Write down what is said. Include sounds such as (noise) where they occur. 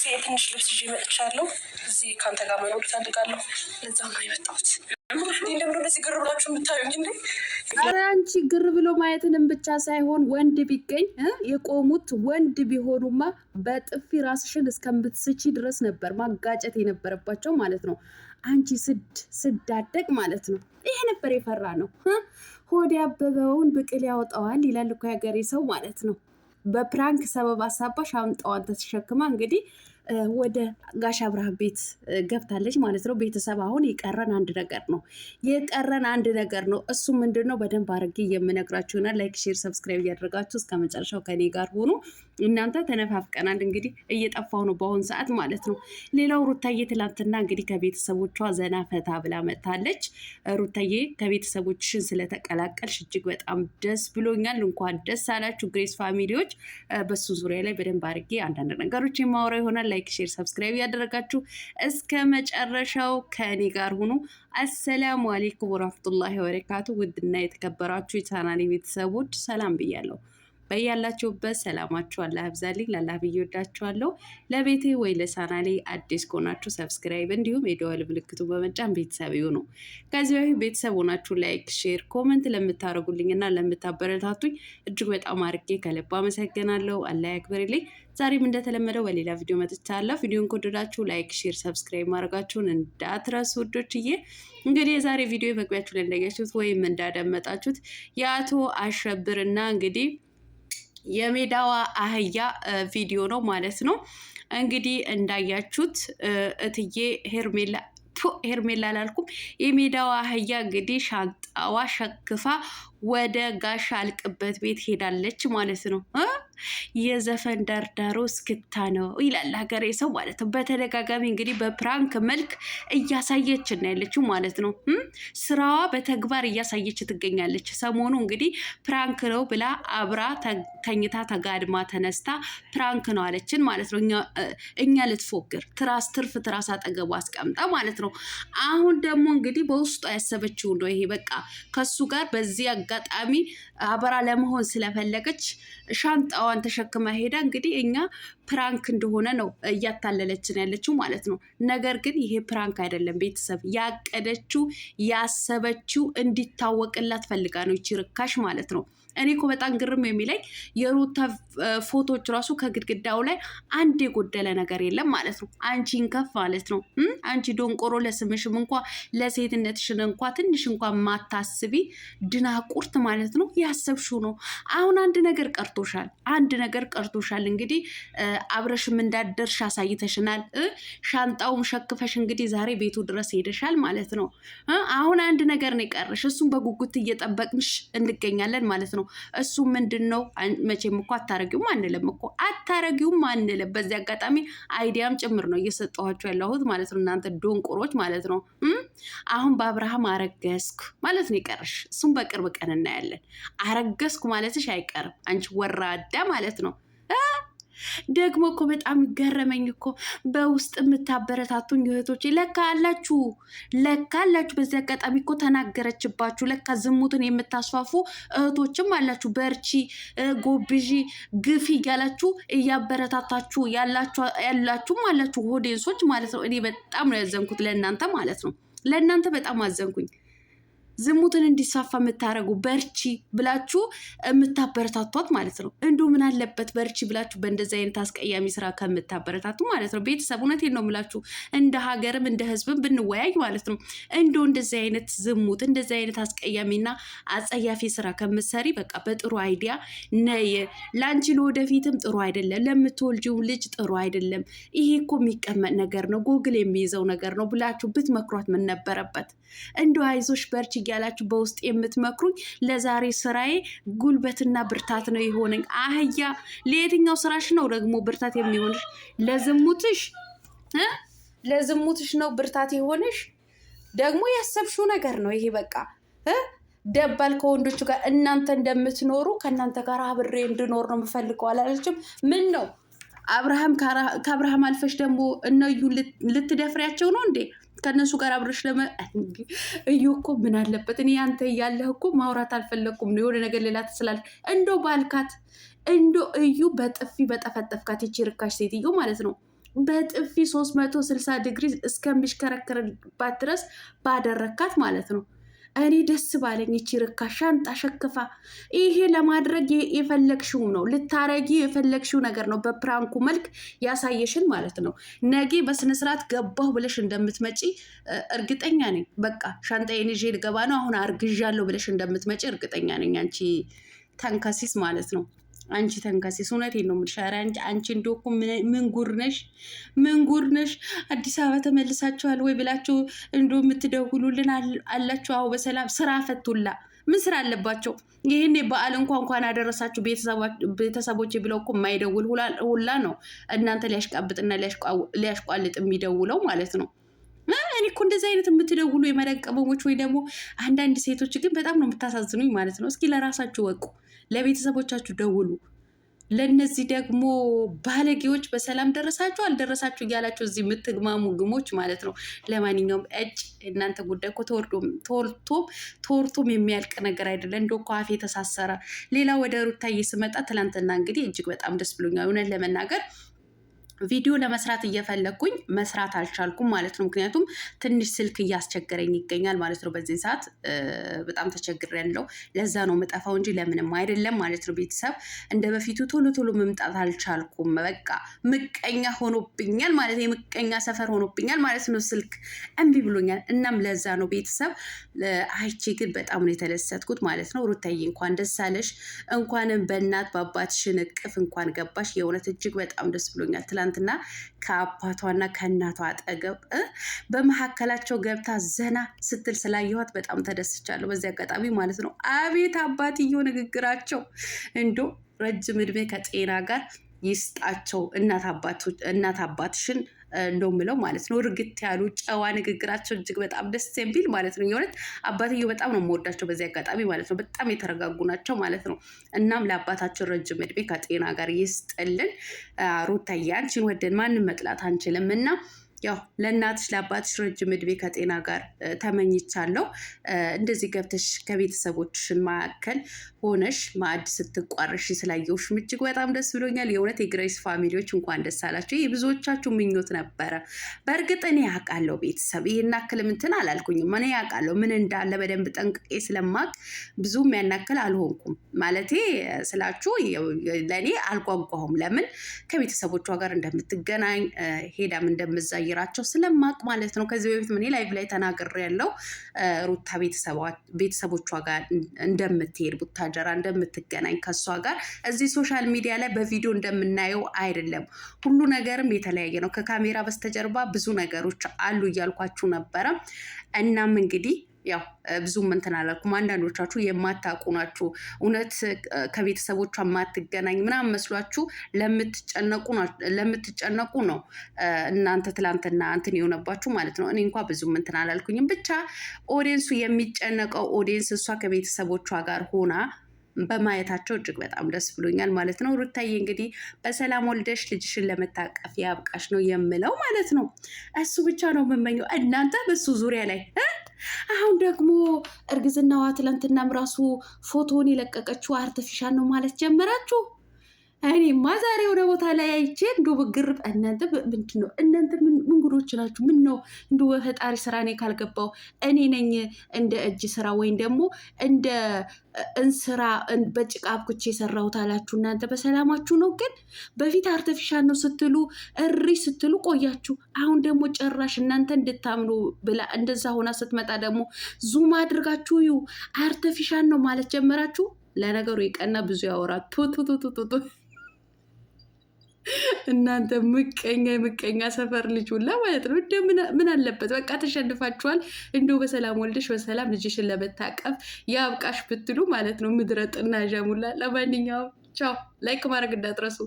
ልብስ የትንሽ ልብስ ይዤ መጥቻለሁ። እዚህ ከአንተ ጋር መኖር እፈልጋለሁ። ለዛ ነው የመጣሁት። ለምዶ ግር አንቺ ግር ብሎ ማየትንም ብቻ ሳይሆን ወንድ ቢገኝ የቆሙት ወንድ ቢሆኑማ በጥፊ ራስሽን እስከምትስቺ ድረስ ነበር ማጋጨት የነበረባቸው ማለት ነው። አንቺ ስድ ስዳደቅ ማለት ነው። ይሄ ነበር የፈራ ነው። ሆዴ አበበውን ብቅል ያወጣዋል ይላል እኮ ያገሬ ሰው ማለት ነው። በፕራንክ ሰበብ አሳባሽ አምጣዋን ተሸክማ እንግዲህ ወደ ጋሽ አብርሃም ቤት ገብታለች ማለት ነው። ቤተሰብ አሁን የቀረን አንድ ነገር ነው፣ የቀረን አንድ ነገር ነው። እሱ ምንድን ነው? በደንብ አድርጌ የምነግራችሁ ይሆናል። ላይክ፣ ሼር፣ ሰብስክራይብ እያደረጋችሁ እስከ መጨረሻው ከኔ ጋር ሆኑ። እናንተ ተነፋፍቀናል። እንግዲህ እየጠፋው ነው በአሁኑ ሰዓት ማለት ነው። ሌላው ሩታዬ ትላንትና እንግዲህ ከቤተሰቦቿ ዘና ፈታ ብላ መጥታለች። ሩታዬ ከቤተሰቦችሽን ስለተቀላቀልሽ እጅግ በጣም ደስ ብሎኛል። እንኳን ደስ አላችሁ ግሬስ ፋሚሊዎች። በሱ ዙሪያ ላይ በደንብ አድርጌ አንዳንድ ነገሮች የማወራው ይሆናል። ላይክ፣ ሼር፣ ሰብስክራይብ ያደረጋችሁ እስከ መጨረሻው ከእኔ ጋር ሁኑ። አሰላሙ አሌይኩም ወራህመቱላሂ ወበረካቱ። ውድና የተከበራችሁ የቻናሌ ቤተሰቦች ሰላም ብያለሁ። በያላችሁበት ሰላማችሁ አላህ ብዛልኝ። ላላህ ብዬ ወዳችኋለሁ። ለቤቴ ወይ ለቻናሌ አዲስ ከሆናችሁ ሰብስክራይብ፣ እንዲሁም የደወል ምልክቱ በመጫን ቤተሰብ ይሁኑ። ከዚህ በፊት ቤተሰብ ሆናችሁ ላይክ፣ ሼር፣ ኮመንት እና ለምታበረታቱኝ እጅግ በጣም አርጌ ከልብ አመሰግናለሁ። አላህ ያክብርልኝ። ዛሬም እንደተለመደው በሌላ ቪዲዮ መጥቻለሁ። ቪዲዮን ከወደዳችሁ ላይክ፣ ሼር፣ ሰብስክራይብ ማድረጋችሁን እንዳትረሱ ውዶችዬ። እንግዲህ የዛሬ ቪዲዮ መግቢያችሁ ላይ እንዳያችሁት ወይም እንዳደመጣችሁት የአቶ አሸብርና እንግዲህ የሜዳዋ አህያ ቪዲዮ ነው ማለት ነው። እንግዲህ እንዳያችሁት እትዬ ሄርሜላ ሄርሜላ አላልኩም። የሜዳዋ አህያ እንግዲህ ሻንጣዋ ሸክፋ ወደ ጋሽ አልቅበት ቤት ሄዳለች ማለት ነው። የዘፈን ዳርዳሮ እስክታ ነው ይላል ሀገሬ ሰው ማለት ነው። በተደጋጋሚ እንግዲህ በፕራንክ መልክ እያሳየች እና ያለችው ማለት ነው። ስራዋ በተግባር እያሳየች ትገኛለች። ሰሞኑ እንግዲህ ፕራንክ ነው ብላ አብራ ተኝታ ተጋድማ ተነስታ ፕራንክ ነው አለችን ማለት ነው። እኛ ልትፎክር ትራስ ትርፍ ትራስ አጠገቡ አስቀምጣ ማለት ነው። አሁን ደግሞ እንግዲህ በውስጡ ያሰበችው ነው ይሄ በቃ ከሱ ጋር በዚያ አጋጣሚ አበራ ለመሆን ስለፈለገች ሻንጣዋን ተሸክማ ሄዳ እንግዲህ እኛ ፕራንክ እንደሆነ ነው እያታለለችን ያለችው ማለት ነው። ነገር ግን ይሄ ፕራንክ አይደለም። ቤተሰብ ያቀደችው ያሰበችው እንዲታወቅላት ፈልጋ ነው ይቺ ርካሽ ማለት ነው። እኔ እኮ በጣም ግርም የሚለኝ የሩታ ፎቶዎች ራሱ ከግድግዳው ላይ አንድ የጎደለ ነገር የለም ማለት ነው። አንቺን ከፍ ማለት ነው። አንቺ ዶንቆሮ ለስምሽም እንኳ ለሴትነትሽን እንኳ ትንሽ እንኳ ማታስቢ ድናቁርት ማለት ነው። ያሰብሽው ነው። አሁን አንድ ነገር ቀርቶሻል። አንድ ነገር ቀርቶሻል። እንግዲህ አብረሽም እንዳደርሽ አሳይተሽናል። ሻንጣውም ሸክፈሽ እንግዲህ ዛሬ ቤቱ ድረስ ሄደሻል ማለት ነው። አሁን አንድ ነገር ነው የቀረሽ። እሱም በጉጉት እየጠበቅንሽ እንገኛለን ማለት ነው። ነው። እሱ ምንድን ነው መቼም እኮ አታረጊውም አንልም እኮ አታረጊውም አንልም። በዚህ አጋጣሚ አይዲያም ጭምር ነው እየሰጠኋቸው ያለሁት ማለት ነው። እናንተ ዶንቁሮች ማለት ነው። አሁን በአብርሃም አረገዝኩ ማለት ነው ይቀርሽ። እሱም በቅርብ ቀን እናያለን። አረገዝኩ ማለትሽ አይቀርም አንቺ ወራዳ ማለት ነው። ደግሞ እኮ በጣም ገረመኝ እኮ በውስጥ የምታበረታቱኝ እህቶች ለካ አላችሁ፣ ለካ አላችሁ። በዚህ አጋጣሚ እኮ ተናገረችባችሁ። ለካ ዝሙትን የምታስፋፉ እህቶችም አላችሁ። በርቺ፣ ጎብዢ፣ ግፊ እያላችሁ እያበረታታችሁ ያላችሁም አላችሁ። ሆዴንሶች ማለት ነው። እኔ በጣም ነው ያዘንኩት ለእናንተ ማለት ነው። ለእናንተ በጣም አዘንኩኝ። ዝሙትን እንዲስፋፋ የምታደረጉ በርቺ ብላችሁ የምታበረታቷት ማለት ነው። እንዲ ምን አለበት በርቺ ብላችሁ በእንደዚህ አይነት አስቀያሚ ስራ ከምታበረታቱ ማለት ነው። ቤተሰብ እውነቴን ነው የምላችሁ፣ እንደ ሀገርም እንደ ህዝብም ብንወያይ ማለት ነው። እንዲ እንደዚህ አይነት ዝሙት እንደዚህ አይነት አስቀያሚና አጸያፊ ስራ ከምትሰሪ በቃ በጥሩ አይዲያ ነይ። ለአንቺ ለወደፊትም ጥሩ አይደለም፣ ለምትወልጂው ልጅ ጥሩ አይደለም። ይሄ እኮ የሚቀመጥ ነገር ነው፣ ጎግል የሚይዘው ነገር ነው ብላችሁ ብትመክሯት ምን ነበረበት? እንዲ አይዞሽ በርቺ እያላችሁ በውስጥ የምትመክሩኝ ለዛሬ ስራዬ ጉልበትና ብርታት ነው የሆነኝ። አህያ ለየትኛው ስራሽ ነው ደግሞ ብርታት የሚሆንሽ? ለዝሙትሽ ለዝሙትሽ ነው ብርታት የሆነሽ። ደግሞ ያሰብሽው ነገር ነው ይሄ በቃ ደባል ከወንዶቹ ጋር እናንተ እንደምትኖሩ ከእናንተ ጋር አብሬ እንድኖር ነው የምፈልገው አላለችም? ምን ነው አብርሃም ከአብርሃም አልፈሽ ደግሞ እነዩ ልትደፍሪያቸው ነው እንዴ? ከእነሱ ጋር አብረሽ ለመ (laughs) እዩ እኮ ምን አለበት? እኔ አንተ እያለህ እኮ ማውራት አልፈለግኩም ነው የሆነ ነገር ሌላ ትስላለች። እንዶ ባልካት እንዶ እዩ በጥፊ በጠፈጠፍካት ይቺ ርካሽ ሴትዮ ማለት ነው በጥፊ 360 ዲግሪ እስከሚሽከረከርባት ድረስ ባደረካት ማለት ነው። እኔ ደስ ባለኝ ይቺ ርካ ሻንጣ ሸክፋ ይሄ ለማድረግ የፈለግሽው ነው፣ ልታረጊ የፈለግሽው ነገር ነው። በፕራንኩ መልክ ያሳየሽን ማለት ነው። ነገ በስነስርዓት ገባሁ ብለሽ እንደምትመጪ እርግጠኛ ነኝ። በቃ ሻንጣዬን ይዤ ልገባ ነው አሁን አርግዣለሁ ብለሽ እንደምትመጪ እርግጠኛ ነኝ። አንቺ ተንከሲስ ማለት ነው። አንቺ ተንከሴስ፣ እውነቴን ነው የምልሽ። ኧረ አንቺ እንደው እኮ ምን ጉድ ነሽ? ምን ጉድ ነሽ? አዲስ አበባ ተመልሳችኋል ወይ ብላችሁ እንዶ የምትደውሉልን አላችሁ? አዎ በሰላም ስራ ፈቱላ። ምን ስራ አለባቸው? ይህኔ በዓል እንኳ እንኳን አደረሳችሁ ቤተሰቦች ብለው እኮ የማይደውል ሁላ ነው እናንተ ሊያሽቃብጥና ሊያሽቋልጥ የሚደውለው ማለት ነው። እኔ እኮ እንደዚህ አይነት የምትደውሉ ቅመሞች ወይ ደግሞ አንዳንድ ሴቶች ግን በጣም ነው የምታሳዝኑኝ ማለት ነው። እስኪ ለራሳችሁ ወቁ፣ ለቤተሰቦቻችሁ ደውሉ። ለእነዚህ ደግሞ ባለጌዎች በሰላም ደረሳችሁ አልደረሳችሁ እያላችሁ እዚህ የምትግማሙ ግሞች ማለት ነው። ለማንኛውም እጭ እናንተ ጉዳይ እኮ ተወርቶም ተወርቶም የሚያልቅ ነገር አይደለም። እንደ እኮ አፍ የተሳሰረ ሌላ ወደ ሩታዬ ስመጣ ትናንትና እንግዲህ እጅግ በጣም ደስ ብሎኛል እውነት ለመናገር ቪዲዮ ለመስራት እየፈለግኩኝ መስራት አልቻልኩም ማለት ነው። ምክንያቱም ትንሽ ስልክ እያስቸገረኝ ይገኛል ማለት ነው። በዚህ ሰዓት በጣም ተቸግሬያለሁ። ለዛ ነው የምጠፋው እንጂ ለምንም አይደለም ማለት ነው። ቤተሰብ እንደ በፊቱ ቶሎ ቶሎ መምጣት አልቻልኩም። በቃ ምቀኛ ሆኖብኛል ማለት የምቀኛ ሰፈር ሆኖብኛል ማለት ነው። ስልክ እምቢ ብሎኛል። እናም ለዛ ነው ቤተሰብ አይቼ ግን በጣም ነው የተደሰትኩት ማለት ነው። ሩታዬ እንኳን ደስ አለሽ። እንኳንም በእናት በአባትሽን እቅፍ እንኳን ገባሽ። የእውነት እጅግ በጣም ደስ ብሎኛል። ትላንት ትናንትና ከአባቷና ከእናቷ አጠገብ በመካከላቸው ገብታ ዘና ስትል ስላየኋት በጣም ተደስቻለሁ። በዚህ አጋጣሚ ማለት ነው። አቤት አባትየው ንግግራቸው እንዶ ረጅም እድሜ ከጤና ጋር ይስጣቸው። እናት አባትሽን እንደው ምለው ማለት ነው። እርግት ያሉ ጨዋ ንግግራቸው እጅግ በጣም ደስ የሚል ማለት ነው። የእውነት አባትየው በጣም ነው የምወዳቸው በዚህ አጋጣሚ ማለት ነው። በጣም የተረጋጉ ናቸው ማለት ነው። እናም ለአባታቸው ረጅም እድሜ ከጤና ጋር ይስጥልን። ሩታዬ አንቺን ወደን ማንም መጥላት አንችልም እና ያው ለእናትሽ ለአባትሽ ረጅም እድሜ ከጤና ጋር ተመኝቻለሁ። እንደዚህ ገብተሽ ከቤተሰቦችሽን መካከል ሆነሽ ማዕድ ስትቋረሽ ስላየሁሽ እጅግ በጣም ደስ ብሎኛል። የእውነት የግሬስ ፋሚሊዎች እንኳን ደስ አላቸው። የብዙዎቻችሁ ምኞት ነበረ። በእርግጥ እኔ ያውቃለሁ ቤተሰብ ይህን ያክል እንትን አላልኩኝም። እኔ ያውቃለሁ ምን እንዳለ በደንብ ጠንቅቄ ስለማቅ ብዙ የሚያናክል አልሆንኩም። ማለቴ ስላችሁ ለእኔ አልጓጓሁም። ለምን ከቤተሰቦቿ ጋር እንደምትገናኝ ሄዳም እንደምዛየ እንደምቀይራቸው ስለማቅ ማለት ነው። ከዚህ በፊት ምን ላይቭ ላይ ያለው ሩታ ቤተሰቦቿ ጋር እንደምትሄድ ቡታጀራ እንደምትገናኝ ከሷ ጋር እዚህ ሶሻል ሚዲያ ላይ በቪዲዮ እንደምናየው አይደለም። ሁሉ ነገርም የተለያየ ነው። ከካሜራ በስተጀርባ ብዙ ነገሮች አሉ እያልኳችሁ ነበረ። እናም እንግዲህ ያው ብዙም እንትን አላልኩም። አንዳንዶቻችሁ የማታውቁ ናችሁ፣ እውነት ከቤተሰቦቿ የማትገናኝ ምናምን መስሏችሁ ለምትጨነቁ ነው እናንተ ትላንትና እንትን የሆነባችሁ ማለት ነው። እኔ እንኳ ብዙም እንትን አላልኩኝም። ብቻ ኦዲየንሱ የሚጨነቀው ኦዲየንስ እሷ ከቤተሰቦቿ ጋር ሆና በማየታቸው እጅግ በጣም ደስ ብሎኛል ማለት ነው። ሩታዬ እንግዲህ በሰላም ወልደሽ ልጅሽን ለመታቀፍ ያብቃሽ ነው የምለው ማለት ነው። እሱ ብቻ ነው የምመኘው እናንተ በሱ ዙሪያ ላይ አሁን ደግሞ እርግዝናዋ ትላንትናም ራሱ ፎቶን የለቀቀችው አርቲፊሻል ነው ማለት ጀመራችሁ። እኔማ ዛሬ ወደ ቦታ ላይ አይቼ እንዶ ግርብ እናንተ ምንድን ነው እናንተ ምንጉዶች ናችሁ? ምን ነው እንዶ በፈጣሪ ስራ እኔ ካልገባው እኔ ነኝ እንደ እጅ ስራ ወይም ደግሞ እንደ እንስራ በጭቃ አብኩቼ የሰራሁት አላችሁ። እናንተ በሰላማችሁ ነው። ግን በፊት አርተፊሻል ነው ስትሉ እሪ ስትሉ ቆያችሁ። አሁን ደግሞ ጭራሽ እናንተ እንድታምኑ ብላ እንደዛ ሆና ስትመጣ ደግሞ ዙም አድርጋችሁ ዩ አርተፊሻል ነው ማለት ጀመራችሁ። ለነገሩ የቀና ብዙ ያወራል ቱቱቱቱቱ እናንተ ምቀኛ የምቀኛ ሰፈር ልጅ ሁላ ማለት ነው። እንደ ምን አለበት በቃ ተሸንፋችኋል። እንደው በሰላም ወልደሽ በሰላም ልጅሽን ለመታቀፍ የአብቃሽ ብትሉ ማለት ነው። ምድረ ጥና ዣሙላ። ለማንኛውም ቻው፣ ላይክ ማድረግ እንዳትረሱ።